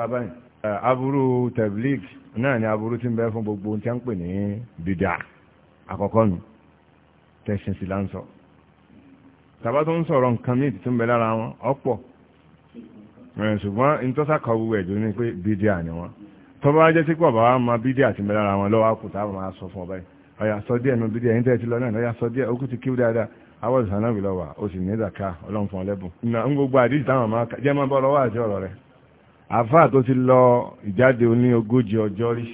nípa báyìí aburú ni aburú ti ń bẹ fún gbogbo tí a ń pè ní bìdà àkọ́kọ́ nù tẹ̀sìn sí láǹsọ̀ tàbá tó ń sọ̀rọ̀ nǹkan míì tó bẹ lára wọn ọ̀pọ̀ ṣùgbọ́n ni pé bìdà ni wọn tó bá jẹ́ ti ń bẹ lára wọn lọ́wọ́ máa sọ fún ọ báyìí ọ̀yà sọ díẹ̀ nu bìdà yín ti lọ ọ̀yà sọ díẹ̀ ó kù àfáà tó ti lọ ìjáde oní ogójì ọjọ́ rí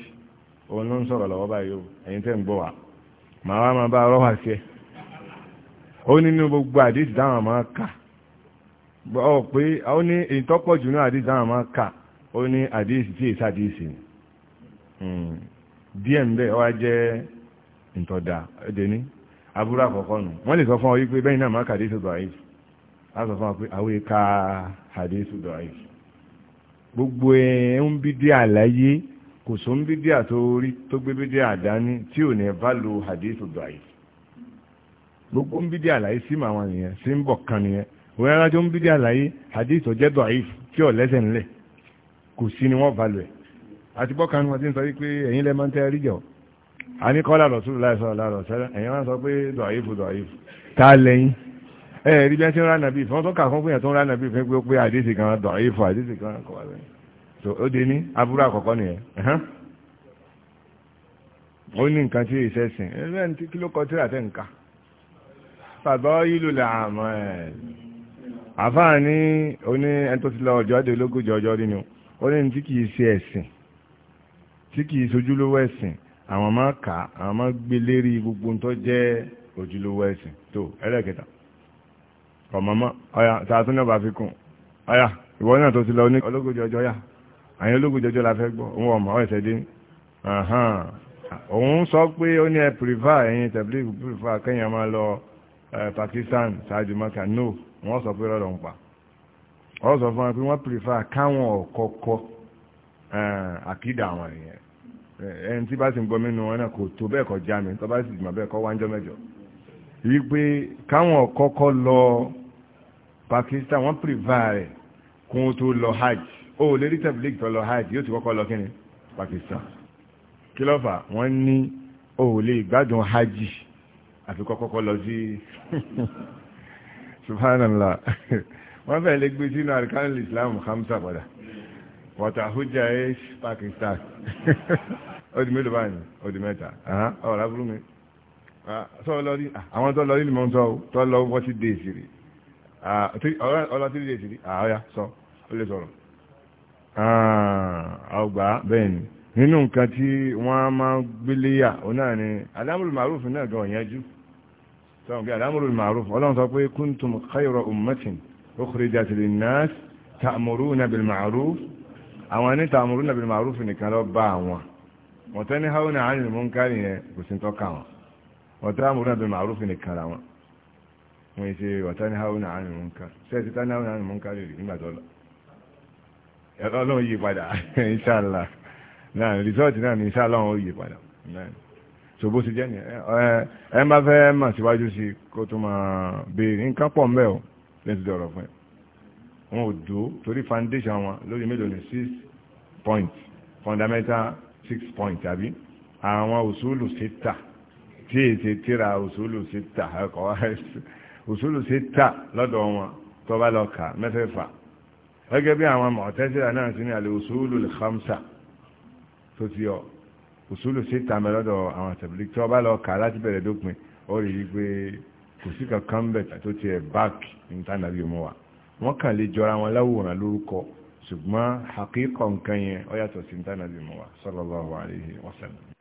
òun ló ń sọ̀rọ̀ lọ́wọ́ báyìí o ẹ̀yin tẹ́ ń bọ̀ wá màá wá máa bá ọ̀rọ̀ wá sí ẹ ó nínú gbogbo àdéhìí táwọn máa kà ọ pé ó ní èyí tó pọ̀ jù ní àdéhìí táwọn máa kà ó ní àdéhìí tí èsì àdéhìí hmm, díẹ̀ ń ọ wá jẹ́ ìtọ̀dà ẹ̀dẹ̀ ní abúrú àkọ́kọ́ nù wọ́n lè sọ fún ọ wípé pé àwọn èka àdéhìí tó dọ̀ àyè gbogbo ẹ̀ ń bídí àlàyé kò só ń bídí àtórí tó gbé bídí àdání tí ò ní bá lo hadith dọ̀ayì gbogbo ń bídí àlàyé sí màwọn ènìyàn sí ń bọ̀ kan nìyẹn òun ẹran tó ń bídí àlàyé hadith ọ̀jẹ́ dọ̀ayì tí ò lẹ́sẹ̀ ńlẹ̀ kò sí ni wọ́n bá lo ẹ̀ àti bọ́kan ni wọ́n ti ń sọ wípé ẹ̀yin lẹ́ máa ń tẹ́ jọ àní kọ́lá lọ́sùlù láìsọ̀rọ̀ ẹ̀yin máa ń sọ pé dọ̀ayì fún dọ̀ayì ta lẹ́yìn ẹ rí bí wọ́n ti ń ra nàbí fún wọn tó kà fún pé yẹn tó ń ra nàbí fún pé ó pé àdéhìí kan dọ̀ ayé fún àdéhìí kan kọ̀ wá bẹ́ẹ̀ tó ó dé ní aburú àkọ́kọ́ nìyẹn ó ní nǹkan tí ìṣẹ́ sìn ẹ bẹ́ẹ̀ ní kí ló kọ tíra tẹ́ nǹka fàbá ìlú làmọ́ ẹ̀ àfáà ní oní ẹni tó ti lọ ọjọ́ dé ológójì ọjọ́ rí ni ó ní tí kìí ṣe ẹ̀sìn tí kìí sojúlówó ẹ̀sìn àwọn máa kà àwọn máa gbé lérí gbogbo tó jẹ́ ojúlówó ẹ̀sìn tó ẹlẹ́kẹta kọ̀mọ́mọ́ ọ̀yà tààtún náà bá fi kùn ọ̀yà ìwọ náà tó ti lọ ní ológójì ọjọ́ yà àyìn ológójì ọjọ́ la fẹ́ gbọ́ òun ọmọ ọ̀ẹ̀sẹ̀ dín òun sọ pé ó ní ẹ pìrìfà ẹ̀yìn tẹ̀blí pìrìfà kẹ́yìn máa lọ Pakistan ṣáájú maka no wọ́n sọ pé rọrọ̀ ń pa wọ́n sọ fún wa pé wọ́n pìrìfà káwọn ọ̀kọ̀ọ̀kọ̀ àkídà àwọn èèyàn ẹni tí bá sì ń gbọ́ mẹ́nu wọn náà kò tó bẹ́ẹ̀ kọjá mi tó bá sì jùmọ̀ bẹ́ẹ̀ kọ́ wájọ́ mẹ́jọ wípé káwọn ọ̀kọ́kọ́ lọ Pakistan wọ́n pìrìvà rẹ̀ kún tó lọ hajj ó lè rí tẹ̀bílíkì tó lọ hajj yóò ti kọ́kọ́ lọ kíni Pakistan kí ló fà wọ́n ní ó lè gbádùn hajj àfi kọ́kọ́kọ́ lọ sí subhanallah wọ́n fẹ́ lè gbé sínú àríkánlì Islam hamsa padà wàtàhújà ẹ̀ Pakistan ó di mélòó báyìí ó di mẹ́ta ọ̀rọ̀ abúrú mi ah, ah, àwọn tó lọ rí lè mọ́ sọ tó lọ 40 days rí ọlá ah, tí lè tìrí àáyá sọ ó lè sọ̀rọ̀ ọgbà ah, bẹ́ẹ̀ ni nínú nǹkan tí wọ́n máa gbélé yà ó náà ni alámùrù màrúf náà gan ọ̀yẹ́jú sọ̀rọ̀ pé alámùrù màrúf ọlọ́run sọ pé kúntùm khayra ummatin ukhrijat linnas ta'muruna bil ma'ruf àwọn ní ta'muruna bil ma'ruf nìkan lọ bá àwọn wọ́n tẹ́ ní haúnà ánìlmùnkárì yẹn kò sí tọ́ka wọn wọ́n tẹ́ àmúrúnà bil nìkan làwọn wọ́n ṣe wàtániháwọ́nà àrùn múnká sẹ́ẹ̀sì tániháwọ́nà àrùn múnká lè rí nígbàtọ́lọ́ ọlọ́run yí padà ìṣàlá náà rìsọ́ọ̀tì náà ní ìṣàlá ọ̀hún yí padà so bó ti jẹ́ ni ẹ bá fẹ́ mà síwájú sí kó tó máa béèrè nǹkan pọ̀ mbẹ́ o lẹ́sì dọ̀rọ̀ fún ẹ wọn ò dó torí foundation wọn lórí mélòó ni six point fundamental six point àbí àwọn òṣùlù síta tí èsì tíra òṣùlù síta ẹ̀kọ́ òṣòlù sí tà lọ́dọ̀ wọn tọba lọ́ka mẹ́fẹ́fà gẹ́gẹ́ bí àwọn mọ̀tẹ́sílà náà sí ní àlè òṣòlù lẹ́kọ́msà tó ti ọ òṣòlù sí tà mẹ́ lọ́dọ̀ àwọn tẹ̀bílì tọba lọ́ka láti bẹ̀rẹ̀ dópin ó rí i pé kò sí kankan bẹ̀ tó ti ẹ̀ báàkì ní tànàbí mu wa wọ́n kàn lè jọra wọn láwòrán lórúkọ ṣùgbọ́n àkíkọ̀ nǹkan yẹn ó yàtọ̀ sí tànàbí mu wa sallallahu alaihi wasallam